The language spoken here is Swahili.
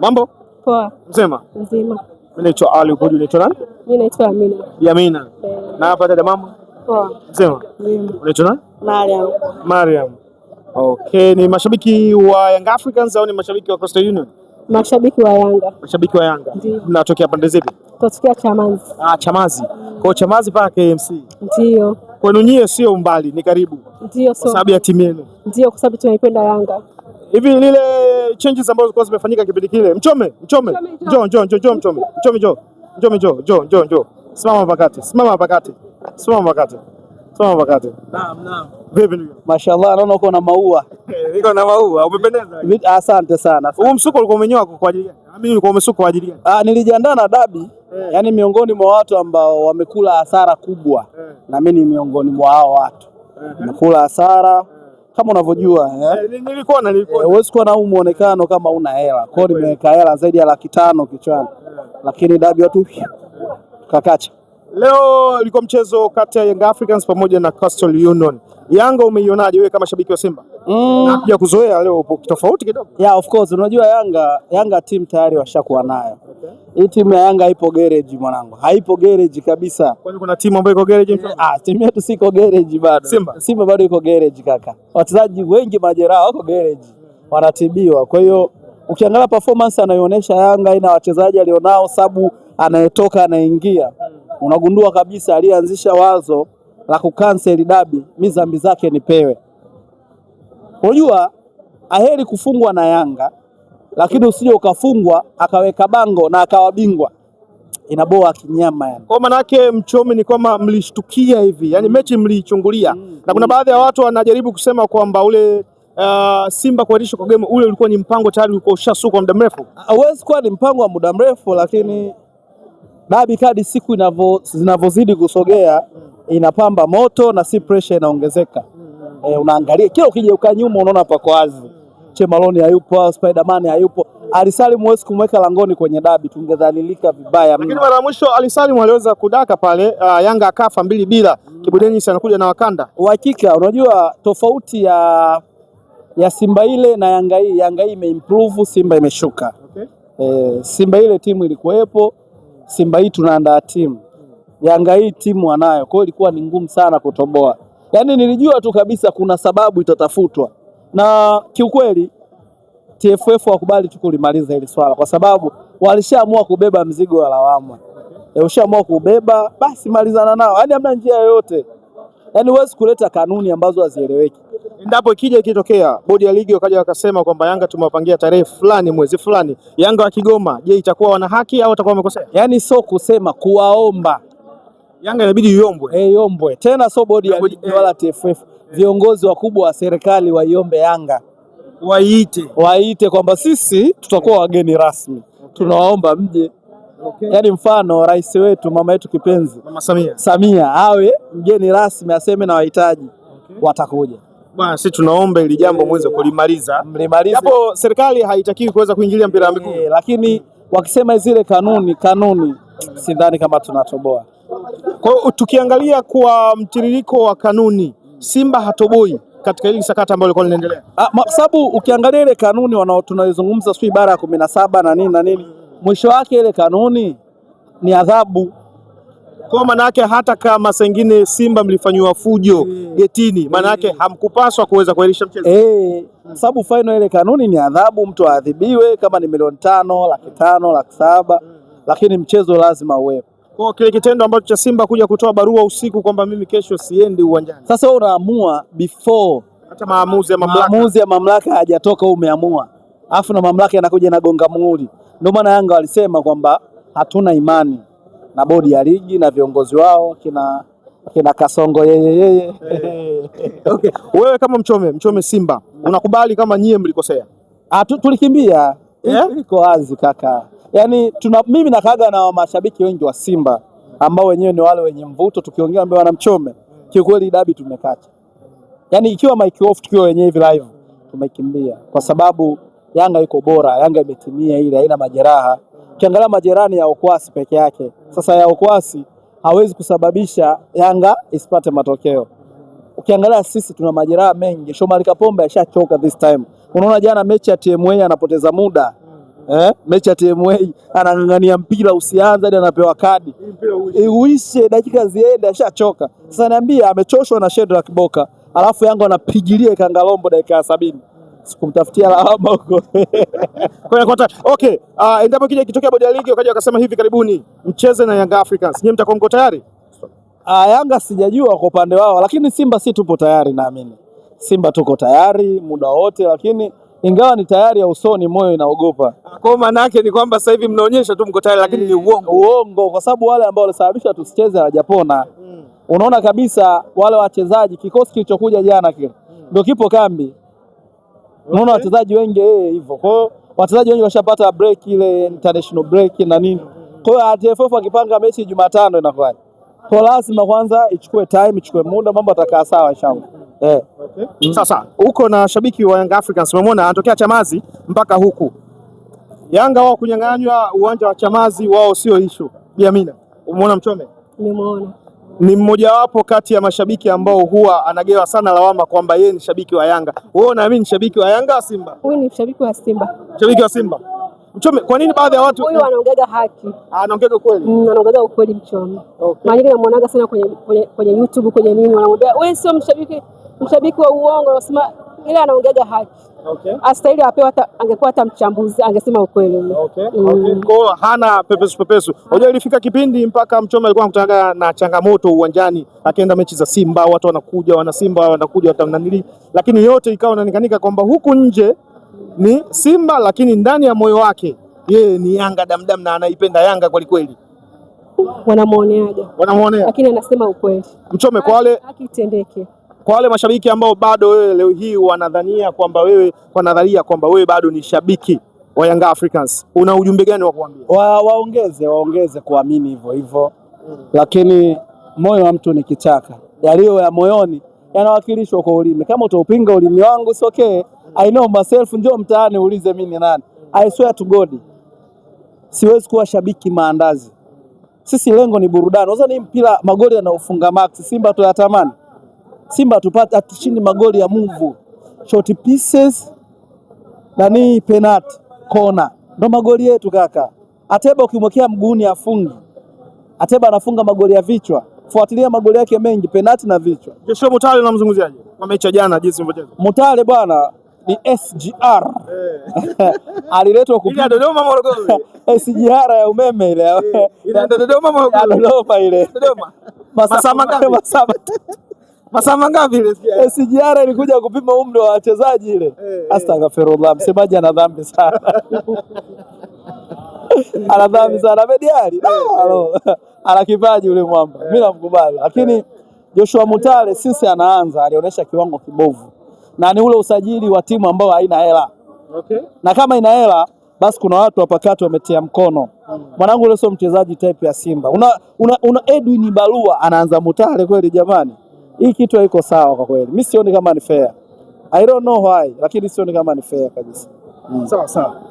Mambo poa, mzima mzima. Mimi naitwa Ali, upo juu? Unaitwa nani? Mimi naitwa Amina. Bi Amina, eh. na hapa dada, mambo poa, mzima mzima. Unaitwa nani? Mariam. Mariam, okay. Ni mashabiki wa Young Africans au ni mashabiki wa Coastal Union? Mashabiki wa Yanga. Mashabiki wa Yanga. Mnatokea pande zipi? Tunatokea Chamazi. Ah, Chamazi. Kwa Chamazi mpaka KMC. Ndio. Kwenu nyie sio mbali, ni karibu. Ndio, so. Kwa sababu ya timu yenu. Ndio, kwa sababu tunaipenda Yanga. Hivi lile changes ambazo zilikuwa zimefanyika kipindi kile. Mchome, Mchome, njoo njoo njoo njoo Mchome, Mchome njoo, Mchome njoo njoo njoo njoo, simama hapa kati, simama hapa kati, simama hapa kati, simama hapa kati. Naam, naam. Vipi ndugu? Mashallah, naona uko na maua. Eh, niko na maua, umependeza. Asante sana. Huu msuko ulikuwa umenyoa kwa ajili gani? Mimi nilikuwa umesuka kwa ajili gani? Ah, nilijiandaa na dabi Hey. Eh. Yaani miongoni mwa watu ambao wamekula hasara kubwa hey. Eh. Na mimi ni miongoni mwa hao watu hey. Nimekula hasara kama unavyojua eh, eh? nilikuwa na nilikuwa eh, huwezi kuwa na huu muonekano kama una hela. Kwa hiyo nimeweka hela zaidi ya laki tano kichwani, lakini dabi watu kakacha Leo ilikuwa mchezo kati ya Young Africans pamoja na Coastal Union. Yanga umeionaje wewe kama shabiki wa Simba? Mm. Na kuzoea leo tofauti kidogo. Yeah, of course. Unajua Yanga, Yanga team tayari washakuwa nayo. Okay. Hii timu ya Yanga haipo garage mwanangu. Haipo garage kabisa. Kwani kuna timu ambayo iko garage? Ah, timu yetu si iko garage bado. Simba, Simba bado iko garage kaka. Wachezaji wengi majeraha wako garage. Wanatibiwa. Kwa hiyo ukiangalia performance anayoonyesha Yanga ina wachezaji alionao sabu anayetoka anaingia unagundua kabisa aliyeanzisha wazo la kukanseli dabi, mi dhambi zake nipewe. Unajua, aheri kufungwa na Yanga, lakini usije ukafungwa akaweka bango na akawa bingwa, inaboa kinyama yani. Kwa maana yake mchomi ni kwamba mlishtukia hivi yani, mm. mechi mliichungulia mm. na kuna baadhi ya watu wanajaribu kusema kwamba ule Uh, Simba kuahirishwa kwa game ule ulikuwa ni mpango tayari, ulikuwa ushasukwa muda mrefu. Hauwezi kuwa ni mpango wa muda mrefu, lakini dabi kadi siku zinavyozidi kusogea inapamba moto na si pressure inaongezeka. E, unaangalia kila ukigeuka nyuma unaona pako wazi. Mm. Chemaloni hayupo, Spiderman hayupo. Alisalim huwezi kumweka langoni kwenye dabi, tungedhalilika vibaya. Lakini mara mwisho Alisalim aliweza kudaka pale, uh, Yanga akafa mbili bila. Mm. Kibu Denis anakuja na wakanda. Uhakika, unajua tofauti ya ya Simba ile na Yanga hii, Yanga hii imeimprove, Simba imeshuka. Okay. E, Simba ile timu ilikuwepo Simba hii tunaandaa timu, Yanga hii timu wanayo, kwa hiyo ilikuwa ni ngumu sana kutoboa. Yaani nilijua tu kabisa kuna sababu itatafutwa, na kiukweli TFF wakubali tu kulimaliza hili swala, kwa sababu walishaamua kubeba mzigo wa lawama. Yaani ushaamua kubeba, basi malizana nao, yaani hamna njia yoyote. Yaani huwezi kuleta kanuni ambazo hazieleweki. Endapo ikija ikitokea bodi ya ligi wakaja wakasema kwamba Yanga tumewapangia tarehe fulani mwezi fulani, Yanga wa Kigoma, je, itakuwa wana haki au watakuwa wamekosea? Yaani sio kusema kuwaomba Yanga inabidi iombwe. Eh, iombwe tena, sio bodi ya ligi wala eh. TFF, viongozi wakubwa wa serikali waiombe Yanga, waiite, waiite kwamba sisi tutakuwa wageni rasmi, tunawaomba mje yani mfano rais wetu mama yetu kipenzi Mama Samia, Samia awe mgeni rasmi aseme na wahitaji okay. watakuja Bwana, sisi tunaomba ili jambo eh, muweze kulimaliza, mlimalize hapo. Serikali haitakiwi kuweza kuingilia mpira wa miguu eh, lakini wakisema zile kanuni kanuni, sidhani kama tunatoboa. Kwa hiyo tukiangalia kwa mtiririko wa kanuni, Simba hatoboi katika hili sakata ambalo lilikuwa linaendelea, ah, sababu ukiangalia ile kanuni tunazungumza sio ibara ya kumi na saba na nini na nini mwisho wake ile kanuni ni adhabu. Kwa maana yake hata kama sengine Simba mlifanyiwa fujo eh. getini, mm. maana yake eh. hamkupaswa kuweza kuahirisha mchezo eh, sababu final ile kanuni ni adhabu, mtu aadhibiwe kama ni milioni tano, laki tano, laki saba, eh, lakini mchezo lazima uwepo. Kwa kile kitendo ambacho cha Simba kuja kutoa barua usiku kwamba mimi kesho siendi uwanjani, sasa wewe unaamua before hata maamuzi ya mamlaka, maamuzi ya mamlaka hajatoka, umeamua afu na mamlaka yanakuja na gonga muhuri. Ndio maana Yanga walisema kwamba hatuna imani na bodi ya ligi na viongozi wao kina kina Kasongo yeye yeye. Okay. Wewe kama mchome mchome Simba unakubali kama nyie mlikosea? Ah, tulikimbia yeah? Iko wazi kaka, yaani tuna mimi nakaga na mashabiki wengi wa Simba ambao wenyewe ni wale wenye mvuto, tukiongea ambao mchome kiukweli, dabi tumekata, yaani ikiwa mic off tukiwa wenyewe hivi live tumekimbia kwa sababu Yanga iko bora, Yanga imetimia ile, haina majeraha. Ukiangalia majeraha ni ya Okwasi peke yake. Sasa ya Okwasi hawezi kusababisha Yanga isipate matokeo. Ukiangalia sisi tuna majeraha mengi. Shomari Kapombe ashachoka this time. Unaona jana mechi ya TMA anapoteza muda eh? Mechi ya TMA anang'ang'ania mpira usianze hadi anapewa kadi uishe, dakika ziende, ashachoka sasa. niambie, amechoshwa na Shedrack Boka, alafu Yanga wanapigilia Kangalombo dakika ya sabini sikumtafutia lawama huko. Okay, uh, endapo kija kitokea bodi ya ligi wakaja wakasema hivi karibuni mcheze na Young Africans, nyinyi mtakuwa mko tayari? Uh, Yanga sijajua kwa upande wao, lakini Simba si tupo tayari, naamini Simba tuko tayari muda wote, lakini ingawa ni tayari ya usoni, moyo inaogopa. Ah, kwa maana yake ni kwamba sasa hivi mnaonyesha tu mko tayari, lakini ni hmm, uongo, uongo, kwa sababu wale ambao walisababisha tusicheze hawajapona. Hmm. Unaona kabisa wale wachezaji, kikosi kilichokuja jana kile hmm. ndio kipo kambi unaona wachezaji wengi eh, hivyo. Kwa hiyo wachezaji wengi washapata break ile international break na nini, kwa hiyo TFF akipanga mechi Jumatano inakuwaje? Kwa lazima kwanza ichukue time, ichukue muda, mambo atakaa sawa inshallah. Eh. Okay. Mm. Sasa huko na shabiki wa Young Africans umemwona anatokea Chamazi mpaka huku Yanga wao kunyang'anywa uwanja wa Chamazi, wao sio issue. Biamina, umeona Mchome? Nimeona ni mmojawapo kati ya mashabiki ambao huwa anagewa sana lawama kwamba yeye ni shabiki wa Yanga. Wewe unaamini ni shabiki wa Yanga Simba? Huyu ni shabiki wa Simba. Shabiki wa Simba. Mchome, kwa nini baadhi ya watu huyu anaongeaga haki? Ah, anaongeaga ukweli. Mm, anaongeaga ukweli Mchome. Okay. Maana namuonaga sana kwenye kwenye, kwenye YouTube kwenye nini wanamwambia wewe sio mshabiki mshabiki wa uongo, anasema ile anaongeaga haki okay. Astahili apewa, angekuwa hata mchambuzi angesema ukweli okay. Mm. Okay. Kwa hana pepesu pepesu. Unajua ilifika kipindi mpaka Mchome alikuwa anakutana na changamoto uwanjani akienda mechi za Simba, watu wanakuja wana Simba wanakuja nanili. lakini yote ikawa inanikanika kwamba huku nje ni Simba, lakini ndani ya moyo wake yeye ni Yanga damdam na anaipenda Yanga kweli. Wanamuoneaje? wanamuonea, lakini anasema ukweli Mchome kwa wale akitendeke kwa wale mashabiki ambao bado wewe leo hii wanadhania kwamba wewe wanadharia kwamba wewe bado ni shabiki wa Young Africans, una ujumbe gani wa kuambia? Wa, waongeze waongeze kuamini hivyo hivyo mm. Lakini moyo wa mtu ni kichaka, yaliyo ya moyoni yanawakilishwa kwa ulimi. Kama utaupinga ulimi wangu sio okay. I know myself, njoo mtaani ulize mimi ni nani. I swear to God, siwezi kuwa shabiki maandazi. Sisi lengo ni burudani. Unaona ni mpira, magoli yanaofunga Max Simba tuyatamani Simba tupata hatushindi magoli ya move, short pieces, nani, penalty, kona, ndo magoli yetu kaka. Ateba ukimwekea mguuni afungi. Ateba anafunga magoli ya vichwa, fuatilia magoli yake mengi, penalty na vichwa. Joshua Mutale unamzungumziaje kwa mechi ya jana, jinsi mlivyocheza? Mutale bwana ni SGR eh. aliletwa kupiga Dodoma Morogoro, SGR ya umeme eh, ile ya Dodoma Morogoro, Dodoma ile Dodoma Masaba Masaba masaa ngapi ile SGR eh, ilikuja kupima umri wa wachezaji ile? Eh. Astaghfirullah, msemaji ana dhambi sana, ana dhambi sana Mediari, eh. ah, ana kipaji ule mwamba, mimi namkubali, lakini Joshua Mutale sisi anaanza, alionyesha kiwango kibovu na ni ule usajili wa timu ambao haina hela okay. Na kama ina hela basi kuna watu wapakati wametia mkono hmm. mwanangu, leo sio mchezaji type ya Simba. Una, una, una Edwin Barua anaanza Mutale kweli jamani? Hii kitu haiko sawa kwa kweli, mimi sioni kama ni fair. I don't know why, lakini sioni kama ni fair kabisa. Mm. Sawa sawa.